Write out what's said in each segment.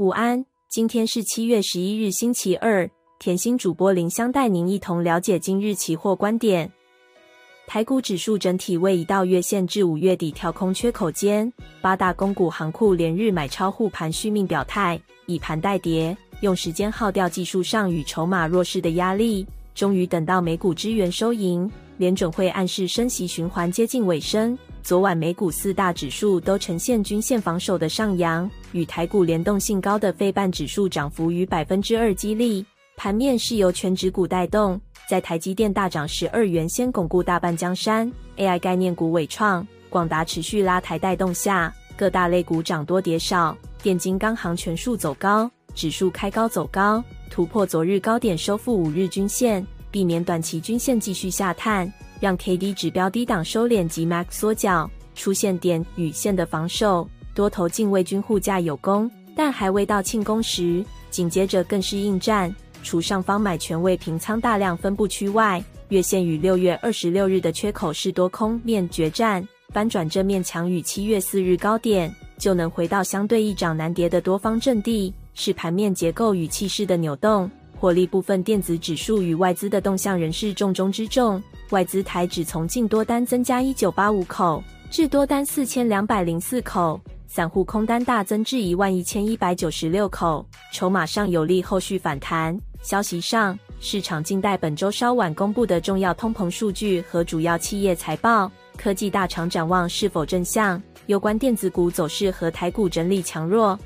午安，今天是七月十一日，星期二。甜心主播林香帶您一同了解今日期貨觀點。台股指數整體位移到月線至五月底跳空缺口間，八大公股行庫連日買超護盤續命表態，以盤代跌，用時間耗掉技術上與籌碼弱勢的壓力，終於等到美股支援收贏，聯準會暗示升息循環接近尾聲。昨晚美股四大指數都呈現均線防守的上揚，與台股聯動性高的費半指數漲幅逾百分之二，激勵盤面是由權值股帶動，在台積電大漲十二元先鞏固大半江山，AI 概念股緯創、廣達持續拉抬帶動下，各大類股漲多跌少，電金鋼航全數走高，指數開高走高，突破昨日高點收復五日均線，避免短期均線繼續下探。讓 K D 指標低檔收斂及 MACD 縮腳，出現點與線的防守，多頭禁衛軍護駕有功，但還未到慶功時，緊接着更是硬戰。除上方買權未平倉大量分布區外，月線與六月二十六日的缺口是多空面決戰，翻轉這面牆與七月四日高點，就能回到相對易漲難跌的多方陣地，是盤面結構與氣勢的扭動，火力部分電子指數與外資的動向仍是重中之重。外資台指從淨多單增加一九八五口，至多單四千兩百零四口；散戶空單大增至一萬一千一百九十六口，籌碼上有利後續反彈。消息上，市場靜待本周稍晚公布的重要通膨數據和主要企業財報。科技大廠展望是否正向？攸關電子股走勢和台股整理強弱。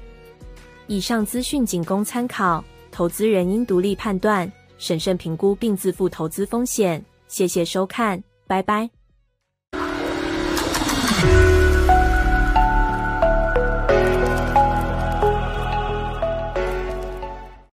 以上資訊僅供參考，投資人應獨立判斷，審慎評估並自負投資風險。謝謝收看，拜拜。